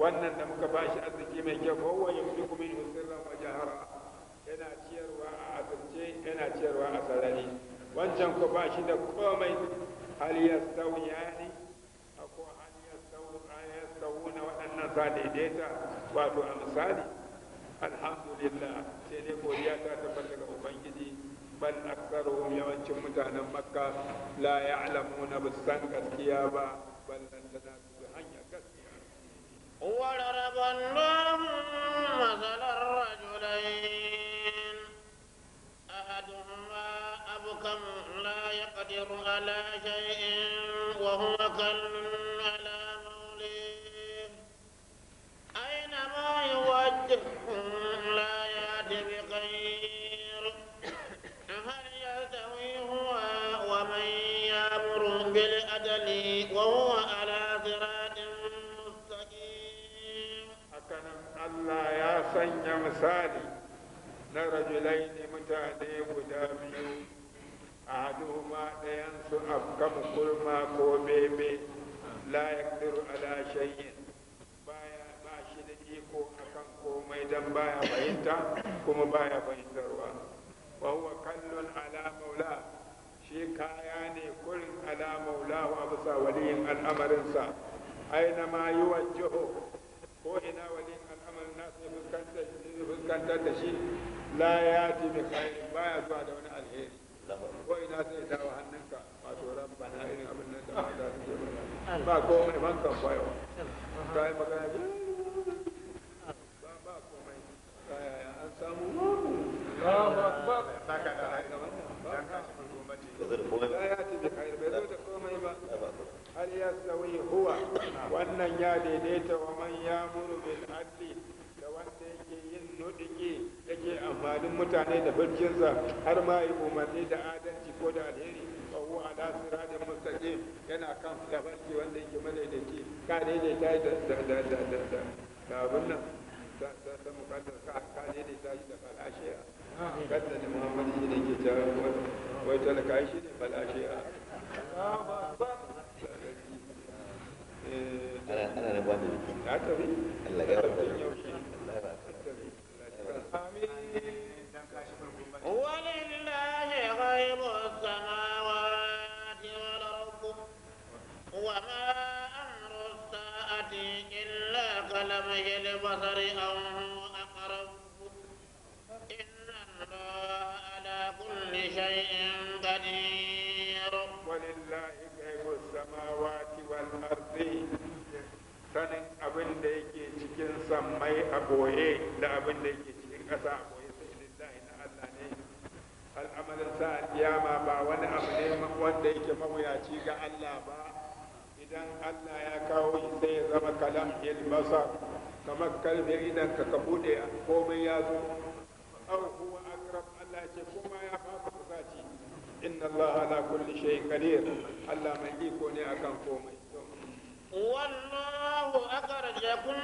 wannan da muka bashi arziki mai kyau ko wa yumliku min sirran wa jahara yana ciyarwa a asirce yana ciyarwa a sarari wancan ko ba shi da komai hal yastawi ako hal yastawi na waɗannan sa daidaita wato a misali alhamdulillah sai dai godiya ta tabbata ga ubangiji bal aktsaruhum yawancin mutanen makka la ya'lamuna bisan gaskiya ba bal lantana وضرب الله مثل الرجلين أحدهما أبكم لا يقدر على شيء وهو كل على موليه أينما يوجه لا يأتي بخير هل يلتوي هو ومن يأمر بالعدل وهو على صراط Allah ya sanya misali na rajulai ne mutane guda biyu a haduhuma ɗayansu kan kurma ko bebe la yakdiru ala shay'in baya ba shi da iko kan komai don baya fahimta kuma baya fahimtarwa wa huwa kallon ala maula shi kaya ne kurin ala maula wa bisa waliyin al'amarinsa aina ma yi wajen ko ina waliyin kaskantar da shi la ya khairin baya zuwa da wani alheri ko ina sai wa hannunka wato irin abin nan da ba komai ban kan bayo magana ba ba komai an samu da ka shi gwamnati ya khairin bai zo da komai ba hal huwa wannan ya daidaita wa man muru bil umarnin mutane da barkinsa har ma umarni da adalci ko da alheri fa ala siratin mustaqim yana kan tafarki wanda yake madaidaici ka da da da da da da abin nan da da da mukaddar ka ka da falashiya kadda muhammadu ne wai talaka shi ne falashiya ana Ya Allah ya rabu. Amin. وما أمر الساعة إلا كلمه البصر أو أقرب إن الله على كل شيء قدير ولله غيب السماوات والأرض sanin abin da yake cikin sammai a boye da abin da yake cikin ƙasa a boye sai lillahi na Allah ne al'amarin sa alƙiyama ba wani abu ne wanda yake mawuyaci ga Allah ba idan Allah ya kawo shi sai ya zama kalam basar kamar kalbe idan ka ka bude komai ya zo aw huwa akrab Allah ce kuma ya fafa kusaci inna Allah ala kulli shay'in qadir Allah mai iko ne akan komai والله أخرجكم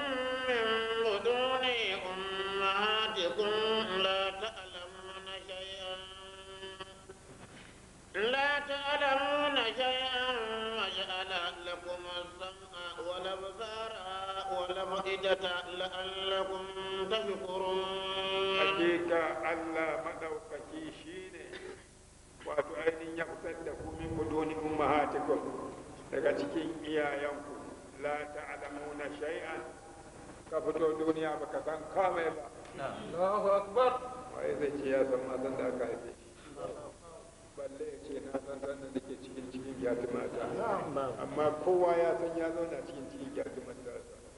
من بدون أمهاتكم لا تعلمون شيئا لا تعلمون شيئا وأفئدة لعلكم تشكرون حقيقة الله مدوك شيشيني وأتعين يفتدك من بدون أمهاتكم daga cikin iyayenku la ta'lamuna shay'an ka fito duniya baka san kamai ba Allahu akbar wai zai ya san da ka balle ce na san san da nake cikin cikin gyatu mata amma kowa ya san ya zauna cikin cikin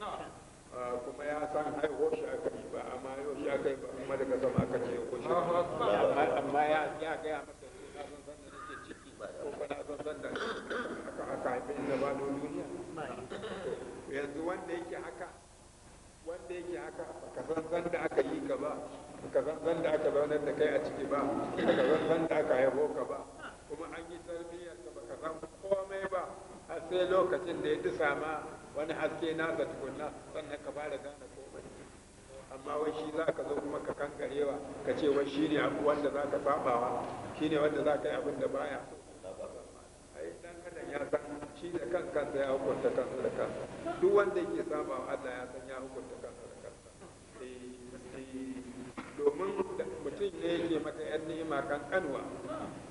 Ah, kuma ya san haihuwar shi aka yi ba amma yau shi aka yi ba kuma daga sama aka ce ko shi amma ya ya ga ya masa na san san da nake ciki ko kuma na san san da aka aka haife ni na ba don duniya yanzu wanda yake haka wanda yake haka ka san san da aka yi ka ba ka san san da aka zaunar da kai a ciki ba ka san san da aka haifo ka ba kuma an yi tarbiyyar ka ba ka san komai ba a sai lokacin da ya disa ma wani haske na ga tukunna sannan ka fara gane komai amma wai shi za ka zo kuma ka kankarewa ka ce wai shi ne wanda za ka sabawa shi ne wanda za ka yi abin da baya so ai dan adam ya san shi da kan kansa ya hukunta kansa da kansa duk wanda yake wa Allah ya san ya hukunta kansa da kansa eh, domin mutum ne yake maka yan ni'ima kanwa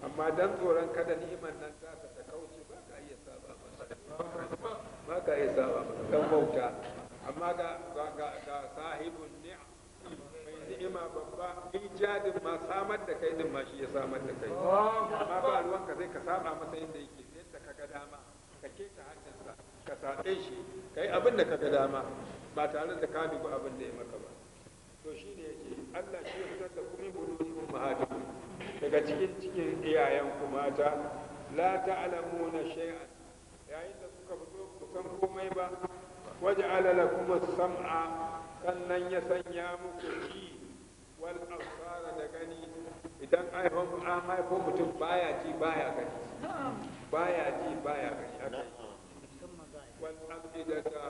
amma dan tsoron kada ni'imar nan ta ta kauce ba ka iya saba masa ba ka iya saba kan bauta amma ga ga sahibun ni'a mai ni'ima babba ijadin ma samar da kai din ma shi ya samar da kai amma ba ruwanka zai ka saba masa yadda yake yadda ka ga dama ka keta hannunsa ka saɗe shi ka yi abin da ka ga dama ba tare da ka dubi abin da ya maka ba to shi ne yake Allah shi ya fitar da kuma buluri mahajin daga cikin cikin iyayen ku mata la ta'lamuna shay'an yayin da kuka fito kan komai ba waje alala kuma sam'a sannan ya sanya muku ji wal absara da gani idan a mai ko mutum baya ji baya gani baya ji baya gani wal afidata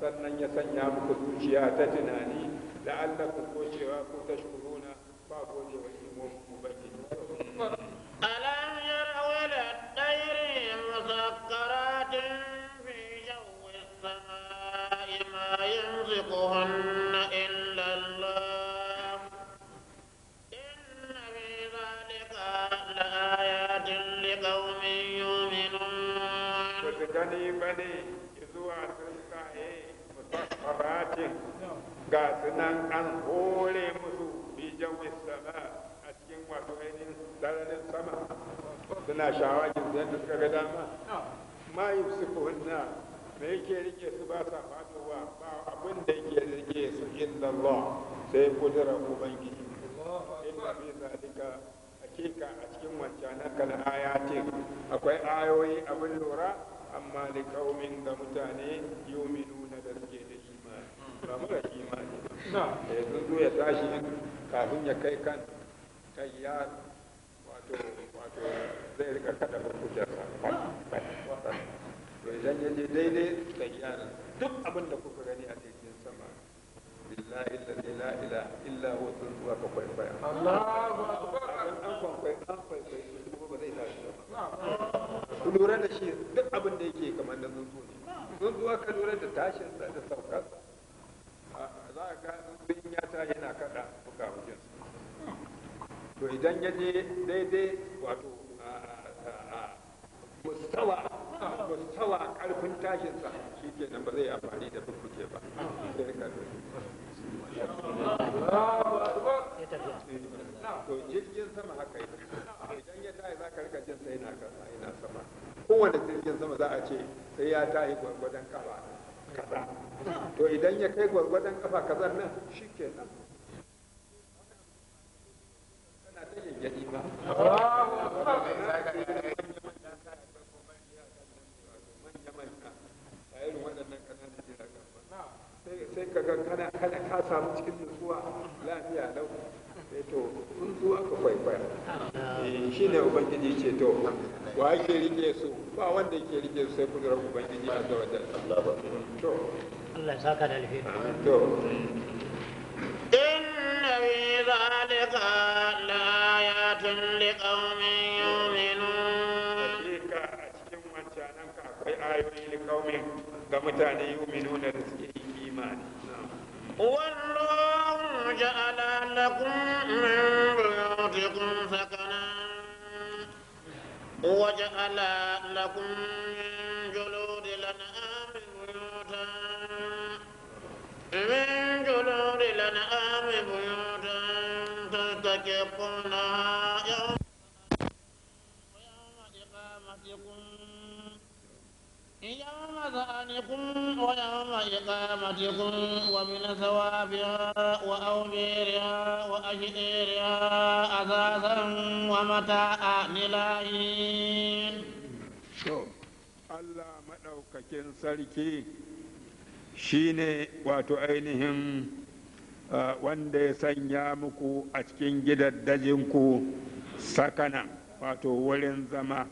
sannan ya sanya muku zuciya ta tunani la'allakum ko ko tashkuruna ba gode wa ba. ubangiji ala يرزقهن إلا الله إن في ذلك لآيات لقوم يؤمنون فبدني بني zuwa sun saye musakkarati ga sunan an hore musu bijan sama a cikin wato ainihin sararin sama suna shawagin yadda suka ga dama ma yi su kunna me yake rike su ba sa Wa ba abin da yake rike su inda Allah sai kudura ubangiji Inda fi zalika hakika a cikin wancan kan ayatin akwai ayoyi abin lura amma da kaumin da mutane yuminuna da suke da imani ba mara imani ba ya ya tashi kafin ya kai kan kai wato wato zai rika kada Ba. Ba. Ba. Ba. je daidai Ba. Ba. duk abin da kuka gani a cikin sama billahi la ilaha illa huwa tsuwa ka kwaikwaya Allahu akbar an kwaikwaya an kwaikwaya kuma ba zai tashi ba ku lura da shi duk abin da yake kamar da tsuntsu ne tsuntsuwa ka lura da tashin sa da saukar ah, za a ga tsuntsun ya ta yana kada buka hujjar to idan ya je daidai wato ah, ah, mustawa sawa karfin tashinsa shi ke nan ba zai amfani da bukuke ba to jirgin sama haka yi idan ya tashi za ka rika jin sai na kasa yana sama kowane jirgin sama za a ce sai ya tashi gwargwadon kafa kaza to idan ya kai gwargwadon kafa kaza nan shi ke nan kana sai ka ga kana kana ka samu cikin nutsuwa lafiya lau sai eh to in su aka kwaikwai eh, shi ne ubangiji ce to wa ke rike su ba wanda ke rike su sai kun rabu ubangiji a ga wajen to Allah ya saka da alheri to inna fi zalika la ya li qaumin yu'minun a cikin wancan nan akwai ayoyi ni qaumin ga mutane yu'minuna da suke الإيمان نعم. والله جعل لكم من بيوتكم سكنا وجعل لكم من جلود الأنعام بيوتا من جلود الأنعام أذانكم ويوم إقامتكم ومن ثوابها وأوبيرها وأجئيرها أثاثا ومتاعا للاهين Allah maɗaukakin sarki shi ne wato ainihin wanda ya sanya muku a cikin gidan gidaddajinku sakana wato wurin zama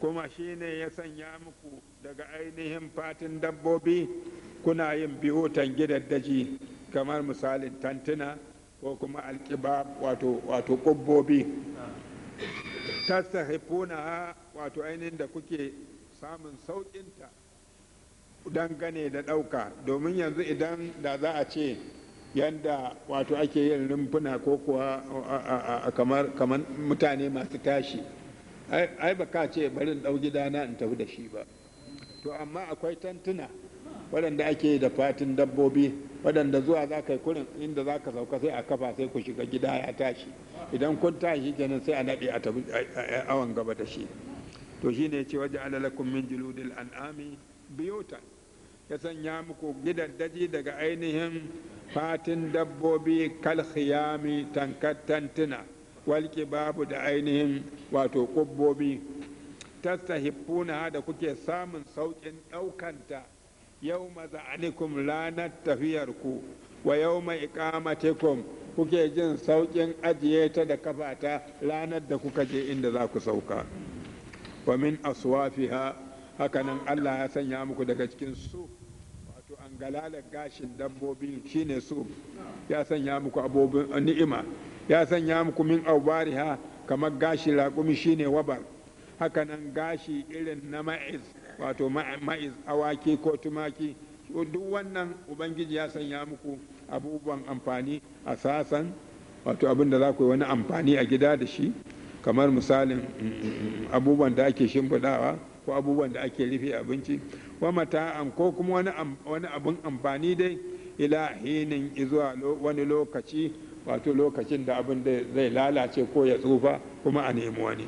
kuma shi ne ya sanya muku daga ainihin fatin dabbobi kuna yin bihutan daji kamar misalin tantuna ko kuma alƙiba wato ƙubbobi tastahifuna wato ainihin da kuke samun sauƙinta gane da ɗauka domin yanzu idan da za a ce yadda wato ake yin rumfuna ko kuwa kamar mutane masu tashi ai ba ka ce barin ɗau gidana in tafi da shi ba to amma akwai tantuna waɗanda ake da fatin dabbobi waɗanda zuwa za ka yi kurin inda za ka sauka sai a kafa sai ku shiga gida ya tashi idan kun tashi kenan sai a naɗe a awan gaba da shi to shi ne ce waje alalakun min jiludil an'ami biyutan ya sanya muku gidan daji daga ainihin fatin dabbobi kal khiyami tankar tantuna walke babu da ainihin wato kubbobi tastahibbuna da kuke samun saukin ɗaukanta yau maza'anikum ranar tafiyarku wa yau mai ikamatikum kuke jin saukin ajiye ta da kafata ranar da kuka je inda za ku sauka wa min aswafiha hakanan Allah ya sanya muku daga cikin su wato an galalar gashin dabbobi shine su ya sanya muku abobin ni'ima ya sanya muku min aubariha kamar gashin raƙumi shine wabar hakanan gashi irin na ma'iz wato ma'iz awaki ko tumaki duk wannan ubangiji ya sanya muku abubuwan amfani a sasan wato abin da za ku yi wani amfani a gida da shi kamar misalin mm, abubuwan da ake shimfiɗawa ko abubuwan da ake rufe abinci wa mata'an ko kuma wani abin amfani dai ila hinin zuwa wani lokaci wato lokacin da abin da zai lalace ko ya tsufa kuma a nemi wani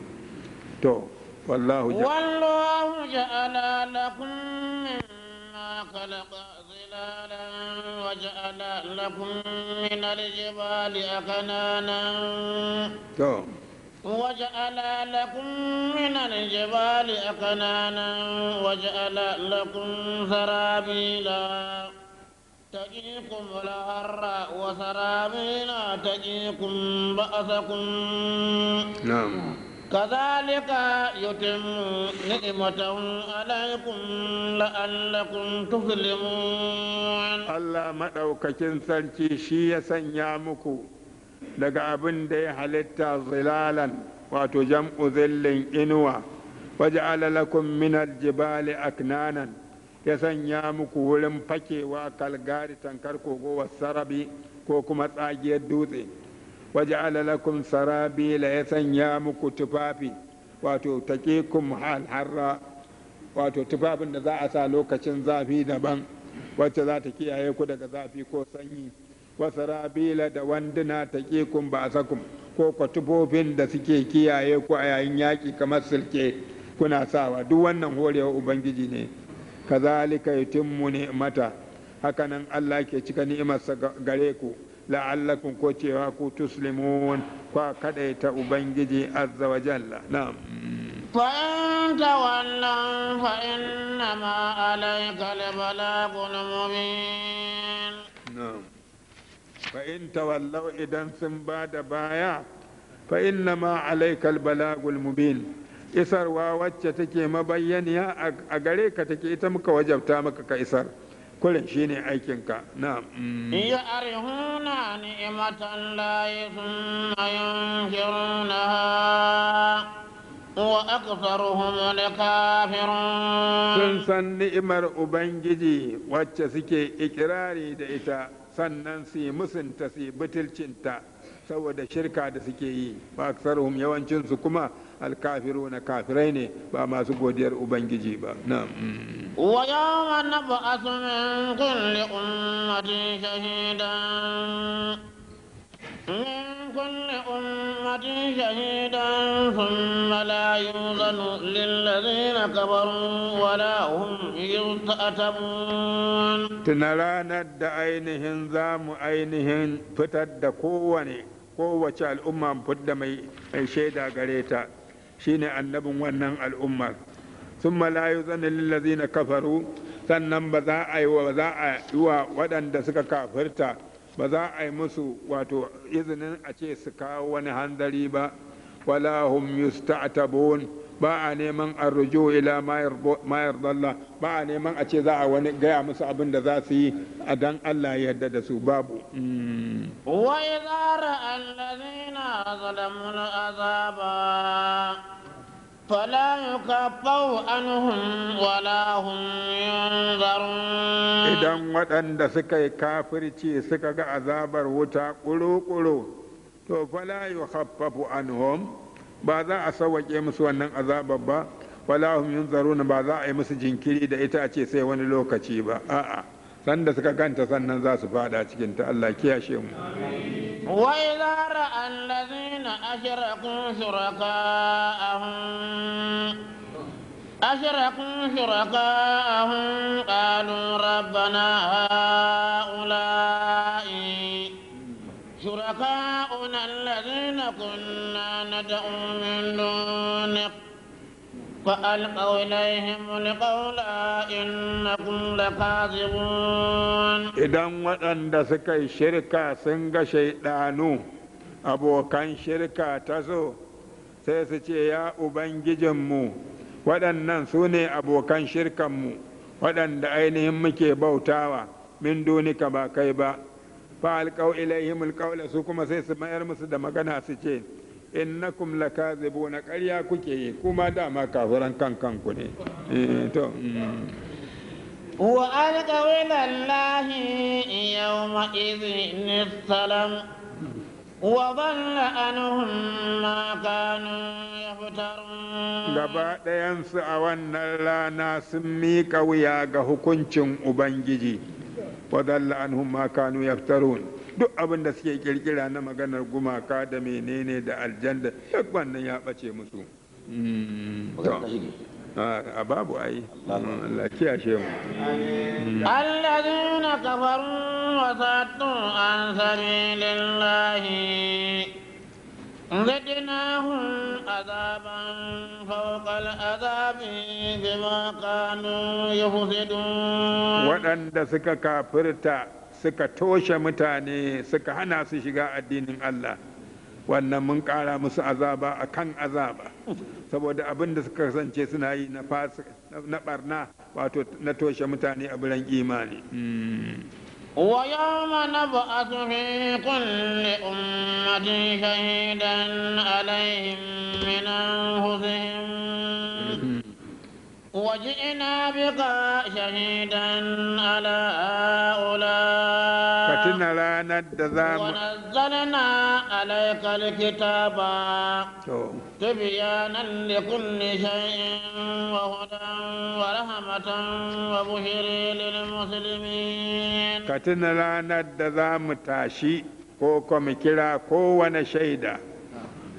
to والله جعل والله جعل لكم مما خلق ظلالا وجعل لكم من الجبال أكنانا وجعل لكم من الجبال أكنانا وجعل لكم سرابيلا تجيكم الهر وسرابيلا تجيكم بأسكم نعم كذلك يتم نعمته عليكم لعلكم تسلمون الله مدوكاكين سركي شي يسنيا daga abin da ya halitta zilalan wato jam'u zillin inuwa waje alalakun minar jibali aknanan ya sanya muku wurin fakewa kalgari tankar kogo sarabi ko kuma tsagiyar dutse waj'ala lakum sarabila ya sanya muku tufafi wato taqikum hal harra wato tufafin da za a sa lokacin zafi daban wacce za ta kiyaye ku daga zafi ko sanyi wa sarabila da wanduna taqikum ba'sakum ko kwatubofin da suke kiyaye ku a yayin yaki kamar silke kuna sawa duk wannan horewa ubangiji ne kazalika yutimmu ni'mata hakanan Allah ke cika ni'imarsa gare ku la'allakum ko cewa ku tuslimun ko kadai ta ubangiji azza wa na'am fa anta walla ma alayka balaghun mu'min na'am fa anta idan sun bada baya fa inna ma alayka balaghul mubin isar wa wacce take mabayyana a gare ka take ita muka wajabta muka kaisar? kullum shi ne aikinka na ya arihuna ni'imatan layi suna yunkiruna wa aksaruhum kafirun sun san ni'imar ubangiji wacce suke ikirari da ita sannan su yi musunta su yi saboda shirka da suke yi ba aksaruhum yawancinsu kuma alkafiruna kafirai ne ba masu godiyar ubangiji ba na'am wa yawma da min ummatin من كل أمة شهيدا ثم لا يوزن للذين كفروا ولا هم ainihin zamu ainihin fitar da kowane kowace al'umma fitar mai shaida gare ta shine annabin wannan al'ummar Sun malayu yuzanna lil ladzina kafaru sannan ba za a yi wa za a yi wa waɗanda suka kafirta ba za a yi musu wato izinin a ce su kawo wani hanzari ba wala hum yusta'tabun ba a neman arrujo ila mayar dalla ba a neman a ce za a wani gaya musu abin da za su yi a dan Allah ya yarda da su babu hmm. wa idza allazina zalamu azaba فلا يكفوا عنهم ولا هم idan waɗanda suka yi kafirci suka ga azabar wuta ƙulu-ƙulu to fala yukhaffafu anhum ba za a sawaƙe musu wannan azabar ba wala hum yunzaruna ba za a yi musu jinkiri da ita a ce sai wani lokaci ba a'a sanda suka ganta sannan za su fada cikin ta Allah kiyashe mu وإذا رأى الذين أشركوا أشركوا شركاءهم قالوا ربنا هؤلاء شركاؤنا الذين كنا ندعو من دونك فألقوا إليهم القول إنكم لكاذبون إذا وأن سكي شركة سنغ شيطانو abokan shirka ta zo sai su ce ya ubangijinmu waɗannan su ne abokan mu, waɗanda ainihin muke bautawa min dunika ba kai ba fa alqaw ilayhim alqawla su kuma sai su mayar musu da magana su ce innakum lakazibuna ƙarya kuke yi kuma dama kafiran kan kanku ne eh, to وألقوا إلى الله salam, mm. wa وضل عنهم ma كانوا يفترون gaba ɗayansu a wannan rana sun miƙa wuya ga hukuncin Ubangiji. wa dalla anhum ma kanu yaftarun duk abin da suke kirkira na maganar gumaka da menene da aljanda duk wannan ya bace musu hmm. a babu ai Allah kiyashe mu hmm. alladhina kafaru wa saddu an sabilillahi a azaba فوق العذاب بما كانوا Waɗanda suka سكا suka سكا توشا متاني سكا هنا سشيغا الدين الله wannan mun ƙara musu azaba a kan azaba saboda abin da suka kasance suna yi na barna wato na toshe mutane a biran imani ويوم نبعث في كل أمة شهيدا عليهم من أنفسهم وجئنا بك شهيدا على هؤلاء ونزلنا عليك الكتاب تبيانا لكل شيء وهدى ورحمة وبشر للمسلمين فتنا لنا الدذام تاشي ko kuma كلا kowane shaida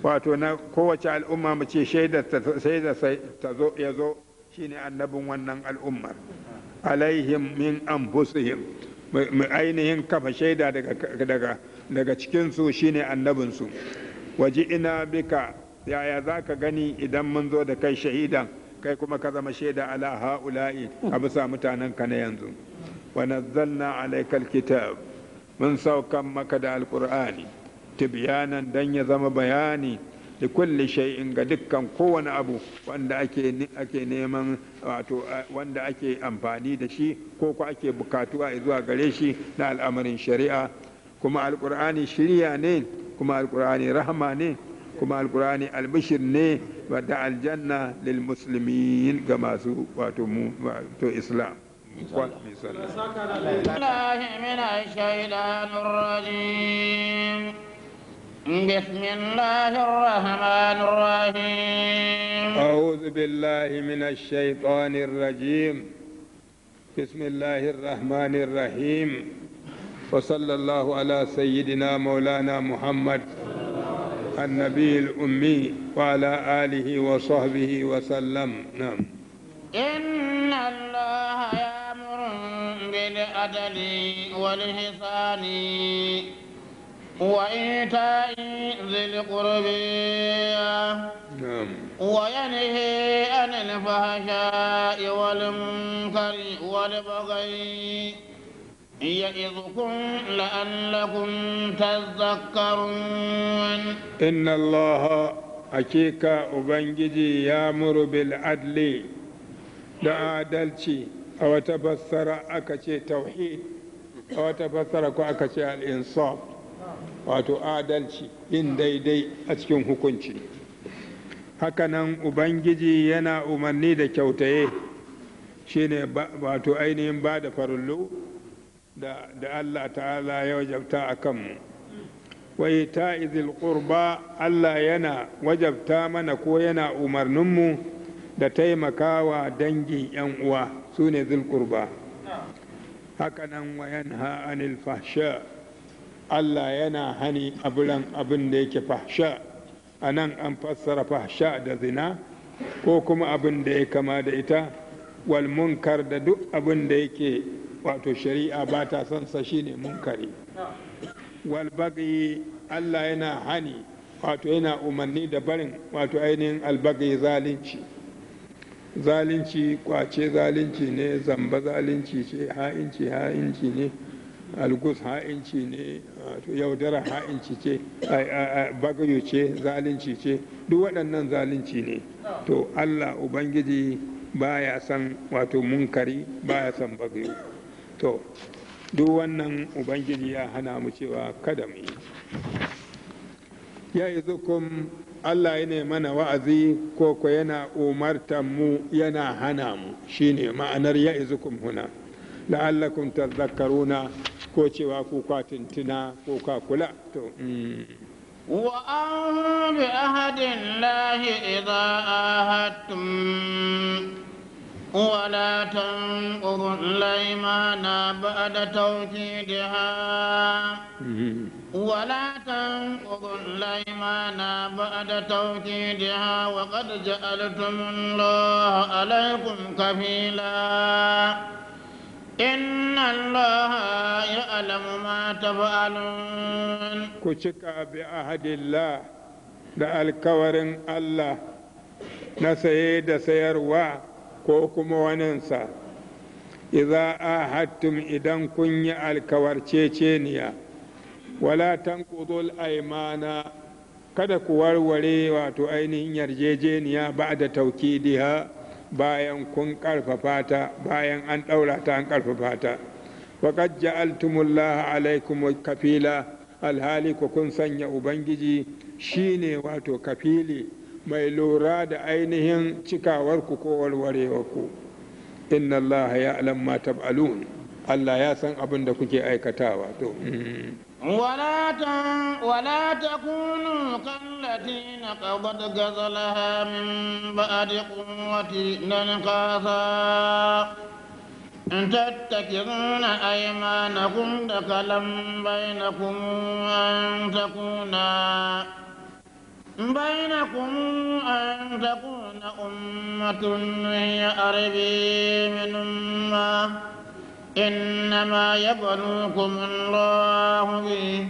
wato na kowace al'umma mu شيدا سيدا سيدا سيدا ya shine annabin wannan al'ummar alaihim min anfusihim ainihin kafa shaida daga cikinsu shine annabinsu Waje ina bika yaya za ka gani idan mun zo da kai shahidan kai kuma ka zama shaida ala ha'ula'i a bisa mutanen ka na yanzu wa nazzalna alaikal kitab mun saukan maka da alqur'ani tibyanan dan ya zama bayani لكل شيء قد كان قوان أبو واند أكي أكي نيمان واتو واند أكي أمباني دشي كوكو أكي بكاتوا إذوا غليشي نا الأمر شريعة كما القرآن شريعة نين كما القرآن رحمة نين كما القرآن المشر نين ودع الجنة للمسلمين كما سو واتو إسلام من الشيطان الرجيم بسم الله الرحمن الرحيم أعوذ بالله من الشيطان الرجيم بسم الله الرحمن الرحيم وصلى الله على سيدنا مولانا محمد النبي الأمي وعلى آله وصحبه وسلم نعم إن الله يأمر بالعدل والحصان وإيتاء ذي القربى وينهي عن الفحشاء والمنكر والبغي يعظكم لعلكم تذكرون إن الله hakika ubangiji ya muru bil adli da adalci a wata fassara aka ce tauhid a wata fassara ko aka ce al-insaf wato adalci yin daidai a cikin hukunci hakanan ubangiji yana umarni da kyautaye shine wato ainihin ba da farullu da allah ta'ala ya wajabta a kanmu wai ta izil allah yana wajabta mana ko yana umarninmu da taimakawa dangin 'yan uwa su ne zilƙurba hakanan wayan ha'anil fashe. Allah yana hani bulan abin da yake fahsha a nan an fassara fahsha da zina ko kuma abin da ya kama da ita wal munkar da duk abin da yake wato shari'a ba ta son sa shine munkari wal bagi Allah yana hani wato yana umarni da barin wato ainihin albagi zalunci zalunci kwace zalunci ne zamba zalunci ce ha'inci ha'inci ne algus ha'inci ne yaudara ha'inci ce bagayo ce zalunci ce duk waɗannan zalunci ne to allah ubangiji baya san wato munkari baya san bagayo to duk wannan ubangiji ya hana mu cewa kada mu yi ya izukum allah yana mana wa'azi ko ko yana umartan mu yana hana mu shine ma'anar ya zukun huna la'allakum tazakkaruna ko cewa ko kwa tuntuna ko kwa kula to وأن بعهد الله إذا عاهدتم ولا تنقضوا الأيمان بعد توكيدها ولا تنقضوا الأيمان بعد توكيدها وقد جعلتم الله عليكم كفيلا إن الله يعلم ما تفعلون كشك بأهد الله da alkawarin Allah na saye da sayarwa ko kuma waninsa, iza a ahattum idan kun yi alkawarceceniya, wala tanqudul aimana kada ku warware wato ainihin yarjejeniya ba da taukidiha bayan kun ƙarfafa ta bayan an ɗaura ta an ƙarfafa ta faƙad ja'altumullaha alaikum kafila alhali ku kun sanya ubangiji shine wato kafili mai lura da ainihin cikawarku ko warwarewarku inna allaha ya'lam ma tab'alun Allah ya san abin da kuke aikatawa to ولا ولا تكونوا كالتي نقضت غزلها من بعد قوة ننقاثا إن تتخذون أيمانكم دخلا بينكم أن تكون بينكم أن تكون أمة هي أربي من أمة إنما يبلوكم الله به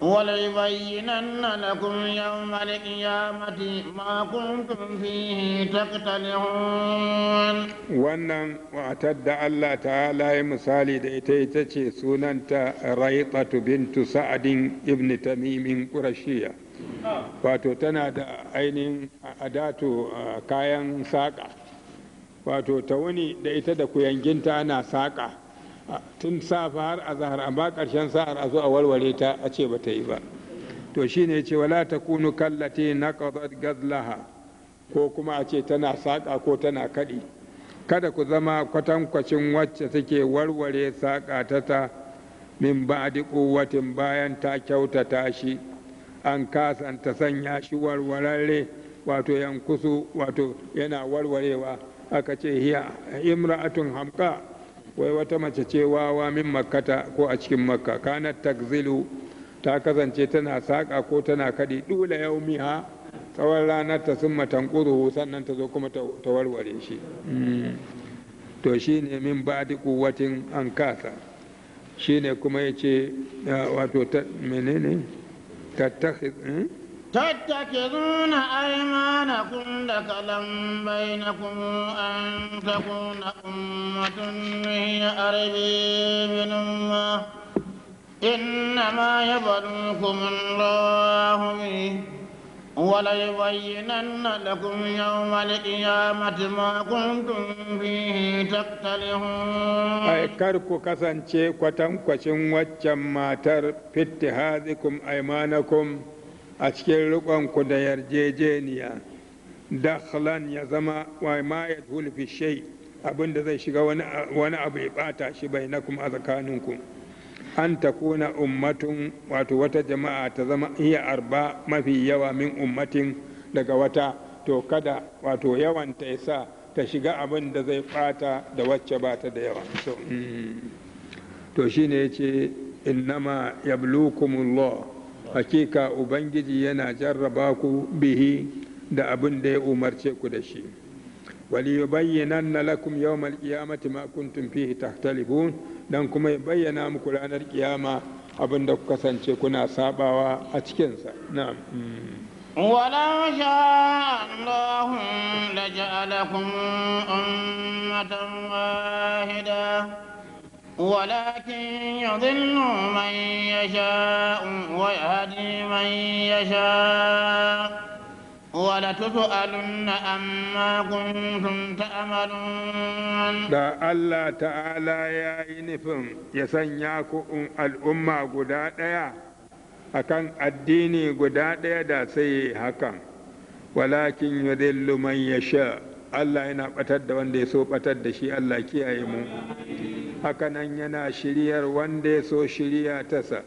وليبينن لكم يوم القيامة ما كنتم فيه تقتلعون wannan matar da Allah ta'ala ya misali da ita ita ce sunanta Raitatu bintu Sa'adin ibn Tamimin Qurashiyya wato tana da ainihin adato kayan saƙa wato ta wuni da ita da kuyanginta ana saƙa tun safa har a zahar amma ƙarshen sa'ar a zo a walwale ta a ce ba ta yi ba to shi ne ce wala kunu kallati naqadat gazlaha ko kuma a ce tana saƙa ko tana kaɗi kada ku zama kwatankwacin wacce take warware saƙa ta ta min ba'di quwwatin bayan ta kyautata shi an kasanta sanya shi warwararre wato yankusu wato yana warwarewa aka ce hiya imra'atun hamka wai wata mace ce wawa min makkata ko a cikin makka kanat takzilu ta kasance tana saƙa ko tana kaɗi dula yaumiha tsawon ranar ta sun matankuruhu sannan ta zo kuma ta warware shi mm. to shi ne min ba da kuwatin an kasa shi ne kuma ya ce wato menene ta تتخذون أيمانكم دخلا بينكم أن تكون أمة هي أربي من الله إنما يبلوكم الله به وليبينن لكم يوم القيامة ما كنتم فيه تختلفون أي كركو كسانشي كوتم كوشن واتشم ماتر في اتهاذكم أيمانكم a cikin riƙonku da yarjejeniya dakhlan ya zama wa ma ya fi shai abin da zai shiga wani abu ya bata shi bai na kuma a tsakaninku an ta kuna ummatun wato wata jama'a ta zama iya arba mafi yawa min ummatin daga wata to kada wato yawan ta sa ta shiga abin da zai bata da wacce bata da yawa mm. to shine yace innama yablukumullah hakika Ubangiji yana jarraba ku bihi da abin da ya umarce ku da shi. waliyu bayyanan na lakum yau kiyamati ma kuntum fihi tahtalibun dan kuma ya bayyana muku ranar kiyama abin da kuka kasance kuna sabawa a cikinsa. Na'am. ولو شاء الله لجعلكم امه واحده ولكن يضل من يشاء ويهدي من يشاء ولتسألن أما كنتم تأملون لا الله تعالى يا ينفم يسنياكو الأمة قدادة akan addini guda دا da ولكن يضل من يشاء Allah yana batar da wanda ya so batar da shi Allah kiyaye mu Haka nan yana shiryar wanda ya so shirya tasa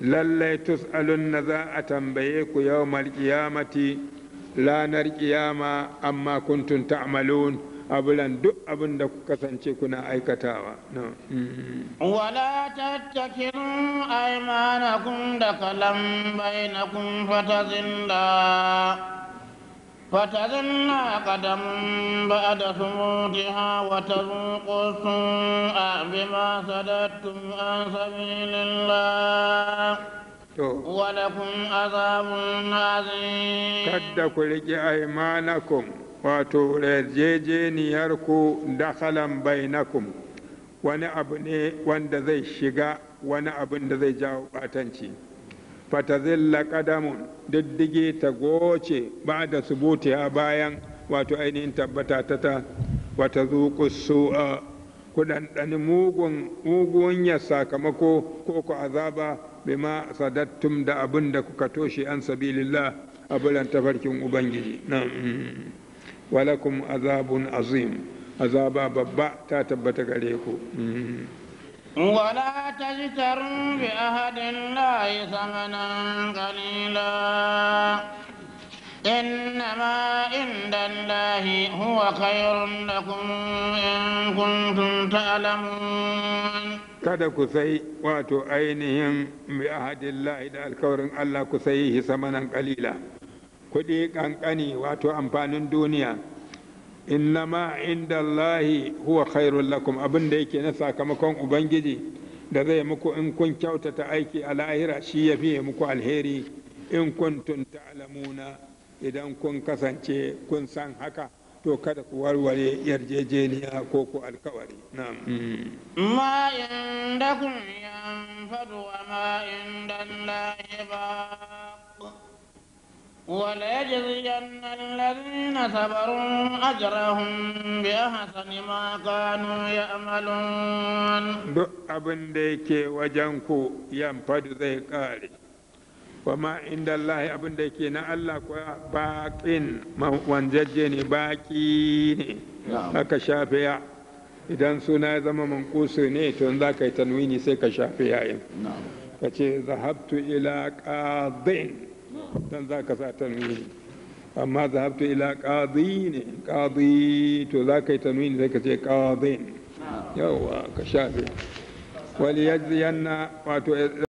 lallai tus'alun na za a tambaye ku yau malkiyamati lanar kiyama amma kuntun ta'malun abulan duk abin da ku kasance kuna aikatawa mm-hmm. wala tattakiru aimanakum da kalam bainakum fatazinda فتذنى قدم بعد ثبوتها وتذوقوا السوء بما صددتم عن سبيل الله ولكم عذاب عظيم قد كل أيمانكم wato yarjejeniyarku dakhalan bainakum wani abu ne wanda zai shiga wani abin da zai jawo batanci. fatazilla qadamun diddige ta goce ba da subutiya bayan wato ainihin tabbata ta ta wata zuƙu su'a ku ɗanɗani mugun ya sakamako ko ku azaba bima sadattum da abin da kuka toshe an sabilillah a bulan tafarkin ubangiji walakum azabun azim azaba babba ta tabbata gare ku hmm. ولا تجتر بعهد الله ثمنا قليلا إنما عند الله هو خير لكم إن كنتم تعلمون kada ku sai wato ainihin bi ahadillahi da alkawarin Allah ku sai samanan kalila kuɗi ƙanƙani wato amfanin duniya innama inda Allahi huwa khairul lakum abin da yake na sakamakon ubangiji da zai muku in kun kyautata aiki a lahira shi ya fiye muku alheri in kun kuntum ta'lamuna idan kun kasance kun san haka to kada ku warware yarjejeniya ko ku alkawari na'am ma indakum yanfadu wa ma inda Allahi ba وليجزين الذين صبروا أجرهم بأحسن ما كانوا يعملون duk abin da yake wajenku yamfadu zai ƙare. kuma inda Allah abinda da yake na Allah kuwa baƙin wanjajje ne baƙi ne haka shafiya idan suna ya zama mankusu ne to za ka yi tanwini sai ka shafi yayin ka ce zahabtu ila ƙadin dan za ka sa tanwini amma zahabtu ila qadi ne qadi to za ka yi tanwini sai ka ce qadin yawwa ka shafe wali yajziyanna wato